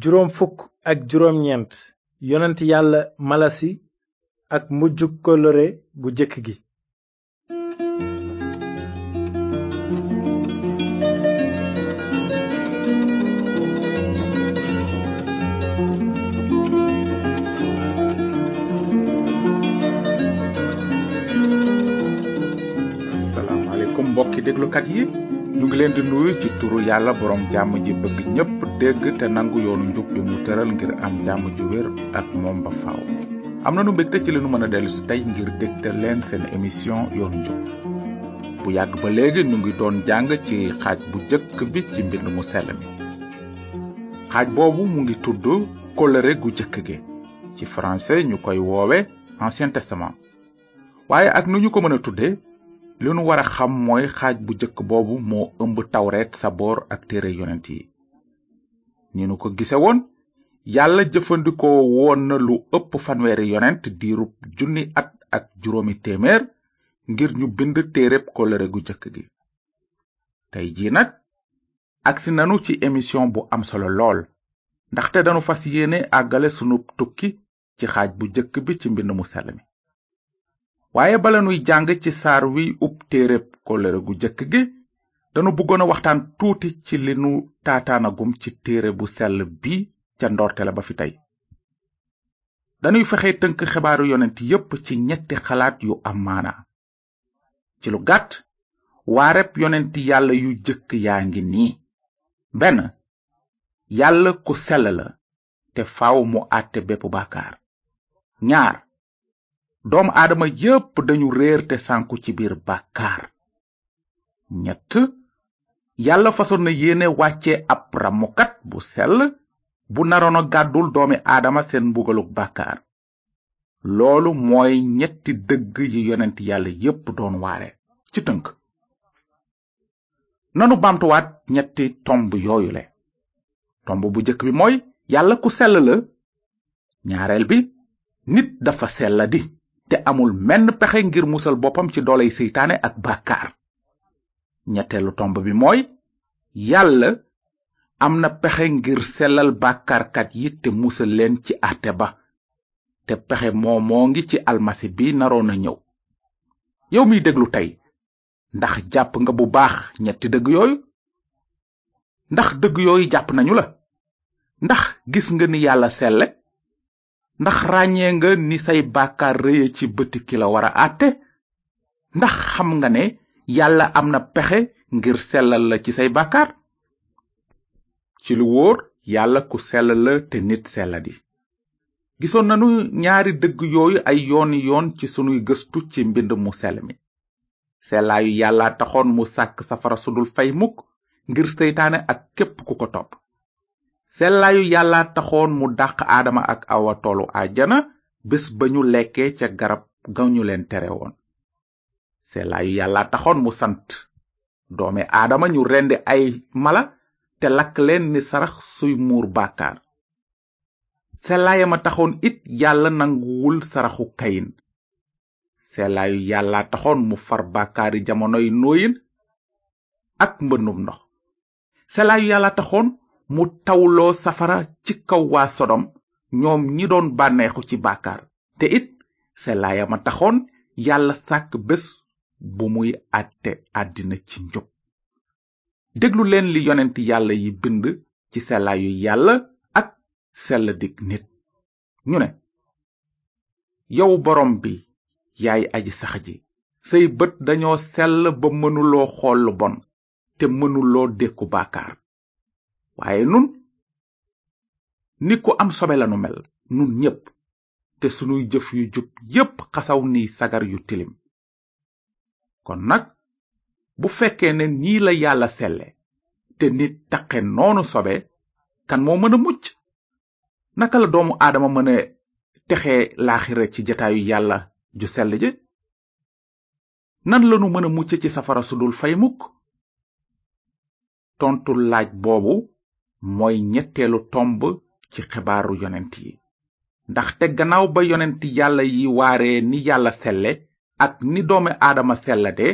juróom fukk ak juróom ñeent yonent yàlla malasi ak mujjug kóllëre gu jëkk gi ñu ngi leen di nuyu ci turu yàlla borom jàmm ji bëgg ñépp dégg te nangu yoonu njub bi mu tëral ngir am jàmm ju wér ak moom ba faaw. am na nu mbégte ci li nu mën a dellu si tey ngir dégtal leen seen émission yoonu njub bu yàgg ba léegi ñu ngi doon jàng ci xaaj bu jëkk bi ci mbind mu sell xaaj boobu mu ngi tudd kóllëre gu jëkk gi ci français ñu koy woowe ancien testament waaye ak nu ñu ko mën a li nu war a xam mooy xaaj bu jëkk boobu moo ëmb tawreet saboor ak téere yonent yi ni nu ko gise woon yàlla jëfandikoo woon na lu ëpp fanweeri yonent diirub junni at ak juróomi téeméer ngir ñu bind téereb kóllëre gu jëkk gi tey jii nag agsi nanu ci émission bu am solo lool ndaxte danu fas yéene àggale sunu tukki ci xaaj bu jëkk bi ci mbind mu sell waaye bala nuy jàng ci saar wi ub téereb kóllëre gu jëkk gi danu bëggoon a waxtaan tuuti ci li nu taataanagum ci téere bu sell bi ca ndoorte la ba fi tey danuy fexe tënk xibaaru yonent yépp ci ñetti xalaat yu am maana ci lu gàtt waareb yonent yàlla yu jëkk yaa ngi nii benn yàlla ku sell la te faaw mu àtte bépp bàkkaar ñaar doomu aadama yépp dañu réer te sànku ci biir bàkkaar ñett yàlla fasoon na yéene wàcce ab ramukat bu sell bu naroona a gàddul doomi aadama seen mbugaluk bàkkaar loolu mooy ñetti dëgg yi yonent yàlla yépp doon waare ci tënk nanu bamtuwaat ñetti tomb yooyule tomb bu jëkk bi mooy yàlla ku sell la ñaareel bi nit dafa sella di te amul menn pexe ngir musal boppam ci dooley seytaane ak bàkkaar ñetteelu tomb bi mooy yàlla am na pexe ngir sellal bàkkaarkat yi te musal leen ci àtte ba te pexe moo ngi ci almasi bi naroon a ñëw yow mi déglu tey ndax jàpp nga bu baax ñetti dëgg yooyu ndax dëgg yooyu jàpp nañu la ndax gis nga ni yàlla selle ndax ràññee nga ni say bàkkaar rëye ci bëti ki la war a àtte ndax xam nga ne yàlla am na pexe ngir sellal la ci say bàkkaar ci lu wóor yàlla ku sell la te nit selladi gisoon nanu ñaari dëgg yooyu ay yooni yoon ci sunuy gëstu ci mbind mu sell mi sellaayu yàlla taxoon mu sàkk safara sudul fay mukk ngir seytaane ak képp ku ko topp sellaayu yàlla taxoon mu dàq aadama ak awa tollu àjjana bés ba ñu lekkee ca garab ga ñu leen tere woon sellaayu yàlla taxoon mu sant doome aadama ñu rendi ay mala te lakk leen ni sarax suy muur bàkkaar sellaayama taxoon it yàlla nanguwul saraxu kayin sellaayu yàlla taxoon mu far bàkkaari jamonoy nooyin ak mbëndum ndox sellaayu yàlla taxoon mu tawloo safara ci kaw waa sodom ñoom ñi doon bànneexu ci bàkkaar te it selaaya ma taxoon yàlla sàkk bés bu muy àtte àddina ci njub déglu leen li yonent yàlla yi bind ci selaayu yàlla ak sell dikk nit ñu ne yow borom bi yaay aji sax ji say bët dañoo sell ba mënuloo xoolu bon te mënuloo dékku bàkkaar waaye nun ni ku am sobe lanu mel nun ñépp te sunuy jëf yu jub yépp xasaw ni sagar yu tilim kon nag bu fekkee ne nii la yàlla selle te nit taqe noonu sobe kan moo mën a mucc naka la doomu aadama mën a texe laaxira ci jataayu yàlla ju sell ji nan lanu mën a mucc ci safara su dul fay mukk tontu laaj boobu mooy ñetteelu tomb ci xibaaru yonent yi ndax te gannaaw ba yonent yàlla yi waare ni yàlla selle ak ni doomi aadama sellade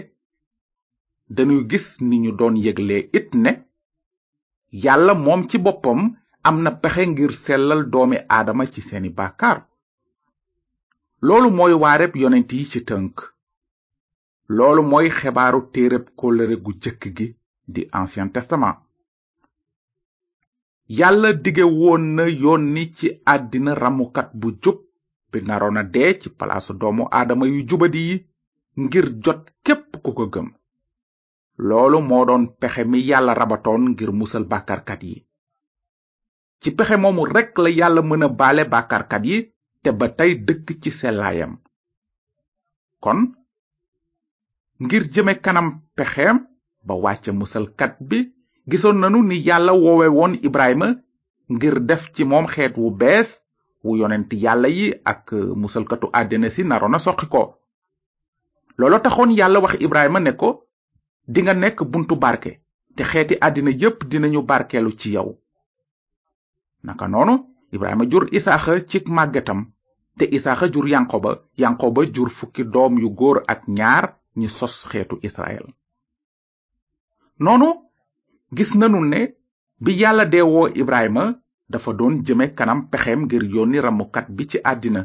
dañuy gis ni ñu doon yëgle it ne yàlla moom ci boppam am na pexe ngir sellal doomi aadama ci seeni bàkkaar loolu mooy waareb yonent yi ci tënk loolu mooy xibaaru téereb kóllëre gu jëkk gi di ancien testament yàlla dige woon na yoon ni ci àddina ramukat bu jub bi naroon a dee ci palaasu doomu aadama yu jubadi yi ngir jot képp ku ko gëm loolu moo doon pexe mi yàlla rabatoon ngir musal bàkkaarkat yi ci pexe moomu rekk la yàlla mën a baale bàkkaarkat yi te ba tey dëkk ci sellaayam kon ngir jëme kanam pexeem ba wàcce musalkat bi gisoon nanu ni yàlla woowe woon ibrahima ngir def ci moom xeet wu bees wu yonent yàlla yi ak euh, musalkatu àddina si naroon a soqi ko loolo taxoon yàlla wax ibrahima ne ko dinga nekk buntu barke te xeeti àddina yépp ñu barkeelu ci yow naka noonu ibrahima jur isaaxa ci màggetam te isaaxa jur yanqoba yanqoba jur fukki doom yu góor ak ñaar ñi sos xeetu israel noonu gis nanu ne bi yàlla dee ibrahima dafa doon jëme kanam pexeem ngir yónni ramukat bi ci àddina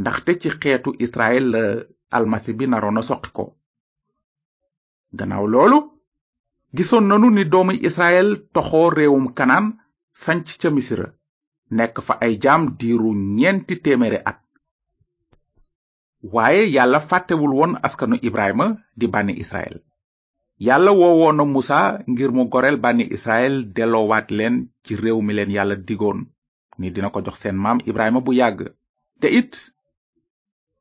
ndaxte ci xeetu israel la almasi bi naroon a soqi ko gannaaw loolu gisoon nanu ni doomi israel toxoo réewum kanaan sanc ca misira nekk fa ay jaam diiru ñeenti téeméeri at waaye yàlla fàttewul woon askanu ibrahima di bànni israel yàlla woowoon na musa ngir mu goreel bànni israel delloowaat leen ci réew mi leen yàlla digoon ni dina ko jox seen maam ibrahima bu yàgg te it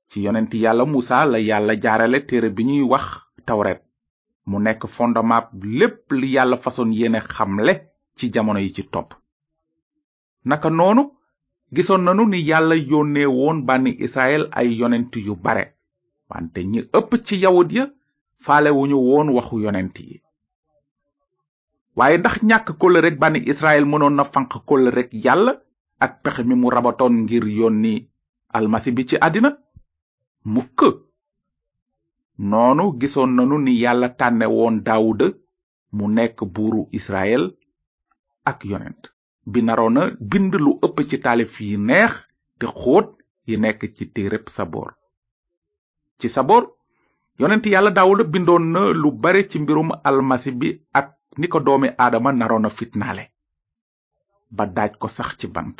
ci yonenti yàlla musa la yàlla jaarale téere bi ñuy wax tawret mu nekk fondement lépp li yàlla façon xam xamle ci jamono yi ci topp naka noonu gisoon nanu ni yàlla yónnee woon bànni israel ay yonent yu bare wante ñi ëpp ci yawut ya faale wu ñu woon waxu yonent yi waaye ndax ñàkk kóllëreg bànni israel mënoon na fanq kóllëreg yàlla ak pexe mi mu rabatoon ngir yónni almasi bi ci àddina mukk noonu gisoon nanu ni yàlla tànne woon daawuda mu nekk buuru israel ak yonent bi naroona na bind lu ëpp ci taalif yi neex te xóot yi nekk ci téereb saboor ci saboor yonent yàlla daawuda bindoon na lu bare ci mbirum almasi bi ak ni doomi aadama naroon a fitnaale ba daaj ko sax ci bant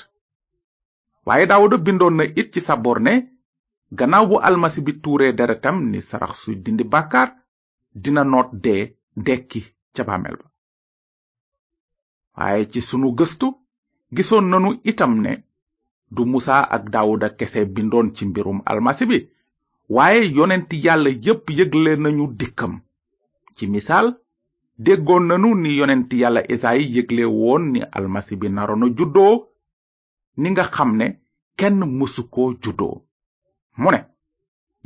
waaye daawuda bindoon na it ci saboor ne gannaaw bu almasi bi tuuree deretam ni sarax suy dindi bàkkaar dina noot dee dekki ca bàmmeel ba waaye ci sunu gëstu gisoon nanu itam ne du musa ak daawuda kese bindoon ci mbirum almasi bi waaye yonenti yàlla yépp yëgle nañu dikkam ci misaal déggoon nanu ni yonenti yàlla esayi yëgle woon ni almasi bi naroon a juddoo ni nga xam ne kenn mësu ko juddoo mu ne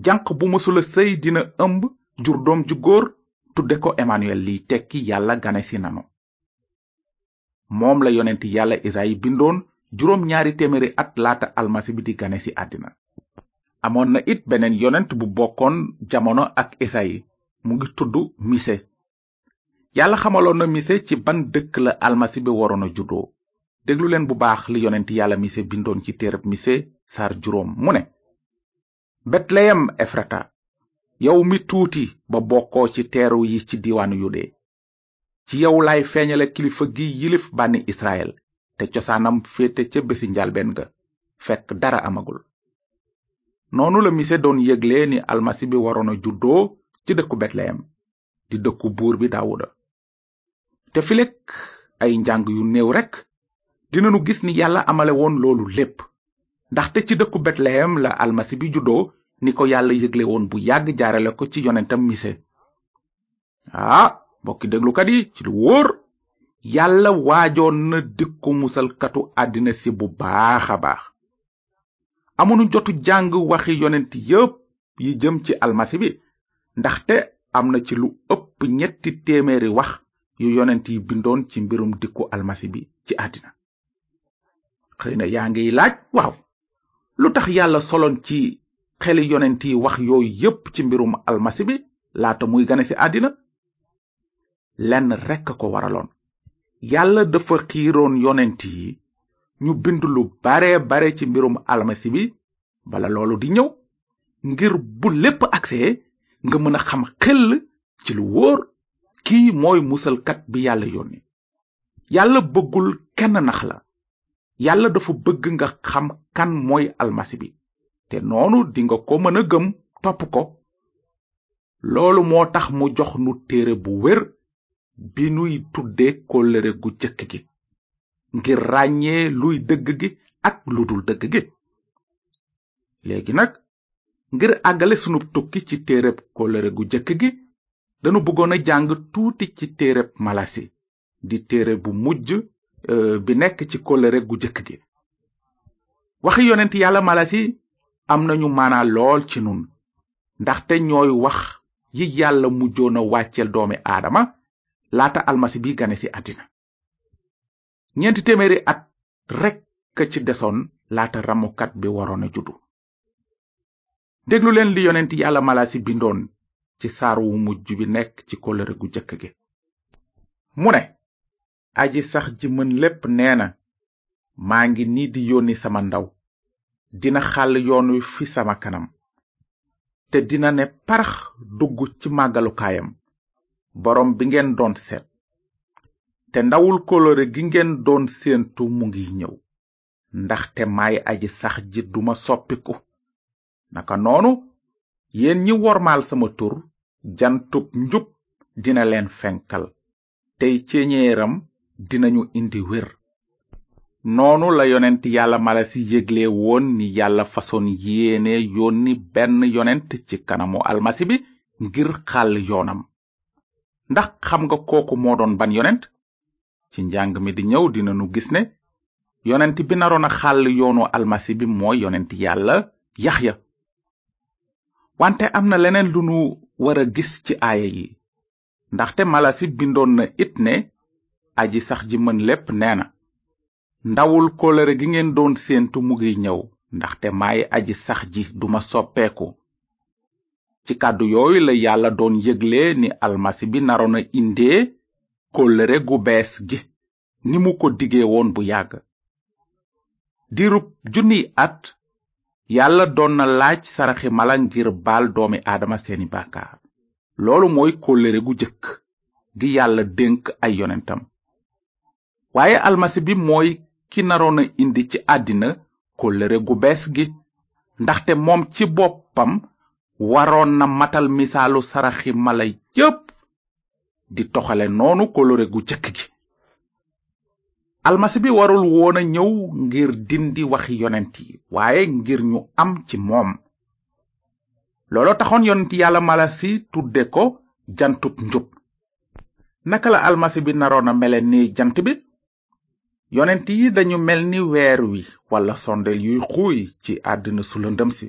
janq bu mësula sëy dina ëmb jur doom góor tudde ko emmanuel liy tekki yàlla ganesi nanu moom la yonent yàlla esayi bindoon juróom ñaari téeméeri at laata almasi bi di ganesi àddina amoon na it beneen yonent bu bokkoon jamono ak esayi mu ngi tudd mise yàlla xamaloon na mise ci ban dëkk la almasi bi waroon a juddoo déglu leen bu baax li yonent yàlla mise bindoon ci téereb mise saar juróom mu ne betleyem efrata yow mi tuuti ba bokkoo ci teeru yi ci diiwaanu yude ci yow laay feeñale kilifa gi yilif bànni israel te cosaanam féete ca bési njalbeen ga fekk dara amagul noonu la mise doon yëgle ni almasi bi waroon a juddoo ci dëkku betleyem di dëkku buur bi daawuda te fileg ay njàng yu néew rekk nu gis ni yàlla amale woon loolu lépp ndaxte ci dëkku betleyem la almasi bi juddoo ni ko yàlla yégle woon bu yàgg jaarale ko ci yonentam mise ah mbokki déglukat yi ci lu wóor yàlla waajoon na dikku musalkatu àddina si bu baax a baax amuñu jotu jàng waxi yonent yépp yi jëm ci almasi bi ndaxte am na ci lu ëpp ñetti téeméeri wax yu yonent yi bindoon ci mbirum dikku almasi bi ci àddina xëy na yaa ngi laaj waaw lu tax yàlla soloon ci xeli yonent yi wax yooyu yépp ci mbirum almasi bi laata muy gane ci àddina lenn rekk ko waraloon yàlla dafa yonent yi ñu bind lu bare bare ci mbirum almasi bi bala loolu di ñëw ngir bu lépp agsee nga mën a xam xel ci lu wóor kii mooy musalkat bi yàlla yónni yàlla bëggul kenn nax la yàlla dafa bëgg nga xam kan mooy almasi bi te noonu dinga ko mën a gëm topp ko loolu moo tax mu jox nu téere bu wér bi nuy tudde kóllëre gu jëkk gi ngir ràññee luy dëgg gi ak lu dul dëgg gi léegi nag ngir àggale sunu tukki ci téereb kóllëre gu jëkk gi danu bëggoon a jàng tuuti ci téereb malasi di téere bu mujj e, bi nekk ci kóllëre gu jëkk gi waxi yonent yàlla malasi am ñu maanaa lool ci nun ndaxte ñooy wax yi yàlla mujjoon wàcceel doomi aadama laata almasi bi gane ci àddina ñeenti téeméeri at rekk ci desoon laata ramukat bi waroon a juddu déglu leen li yonent yàlla malaasi bindoon ci saar wu mujj bi nekk ci kóllëre gu jëkk gi mu ne aji sax ji mën lépp nee na maa ngi nii di yónni sama ndaw dina xàll yoon wi fi sama kanam te dina ne parax dugg ci màggalukaayam boroom bi ngeen doon seet te ndawul kóllëre gi ngeen doon séentu mu ngi ñëw ndaxte may aji sax ji duma soppiku naka noonu yéen ñi wormaal sama tur jantub njub dina leen fenkal tey ceñeeram dinañu indi wér noonu la yonent yàlla mala ci yégle woon ni yàlla fasoon yéene yónni benn yonent ci kanamu almasi bi ngir xàll yoonam ndax xam nga kooku moo doon ban yonent ci njàng mi di ñëw dinanu gis ne yonent bi naroon a xàll yoonu almasi bi mooy yonent yàlla yaxya wante am na leneen lu nu war a gis ci aaya yi ndaxte malasi bindoon na it ne aji sax ji mën lépp nee na ndawul kóllëre gi ngeen doon séentu mu gi ñëw ndaxte maay aji sax ji duma soppeeku ci kàddu yooyu la yàlla doon yëgle ni almasi bi naroon a indee kóllëre gu bees gi ni ko dige woon bu yàgg dirub junniy at yàlla doon na laaj saraxi mala ngir baal doomi aadama seeni bàkkaar loolu mooy kóllëre gu jëkk gi yàlla dénk ay yonentam waaye almasi bi mooy ki naroon a indi ci àddina kóllëre gu bees gi ndaxte moom ci boppam waroon na matal misaalu saraxi mala yépp di toxale noonu kolore gu jëkk gi almasi bi warul woon ñëw ngir dindi waxi yonent yi waaye ngir ñu am ci moom loolo taxoon yonent yàlla si tudde ko jantub njub naka la almasi bi naroona a mele ni jant bi yonent yi dañu mel ni weer wi walla sondeel yuy xuuy ci àddina su lëndëm si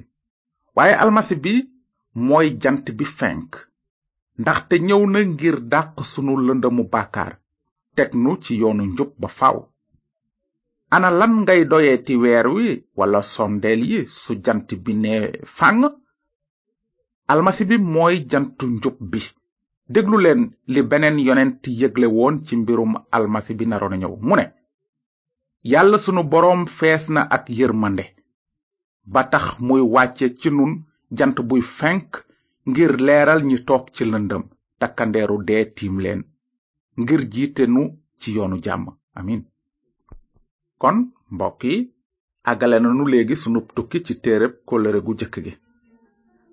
waaye almasi bi mooy jant bi fenk ndaxte ñëw na ngir dàq sunu lëndëmu bàkkaar teg nu ci yoonu njub ba faw ana lan ngay doyeeti weer wi wala sondeel yi su jant bi ne fàng almasi bi mooy jantu njub bi dégluleen li beneen yonent yëgle woon ci mbirum almasi bi naroon ñëw mu yàlla sunu boroom fees na ak yërmande ba tax muy wàcce ci nun jant buy fenk ngir leeral ñi toog ci lëndëm takkandeeru dee tiim leen ngir jiite nu ci yoonu jàmm amin kon mbokk yi àggale nanu léegi sunu tukki ci téere kóllëre gu jëkk gi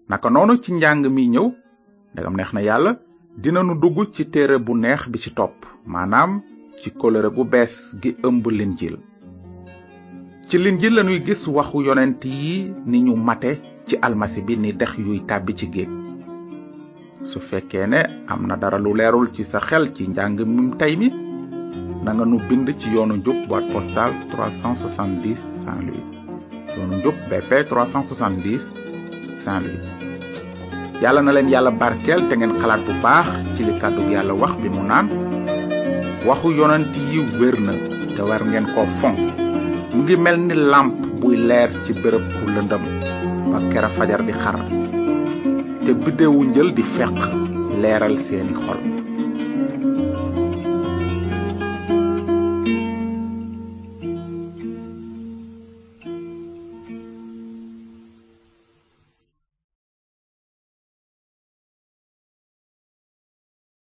naka noonu ci njàng mi ñëw ndegam neex na yàlla dinanu dugg ci téere bu neex bi ci topp maanaam ci kóllëre gu bees gi ëmb linjil ci linjil lanuy gis waxu yonent yi ni ñu mate ci almasi bi ni dex yuy tàbbi ci géej su fekkee ne am na dara lu leerul ci sa xel ci njàng mi tey mi na nga nu bind ci yoonu njub boîte postale 370 Saint-Louis yoonu njub BP 370 saint yàlla na leen yàlla barkeel te ngeen xalaat bu baax ci li kàddu yàlla wax bi mu naan waxu yonent yi wér na te war ngeen ko fonk mu ngi mel ni làmp buy leer ci bërëb bu lëndëm ba kera fajar di xar te biddewu njël di feq leeral seeni xol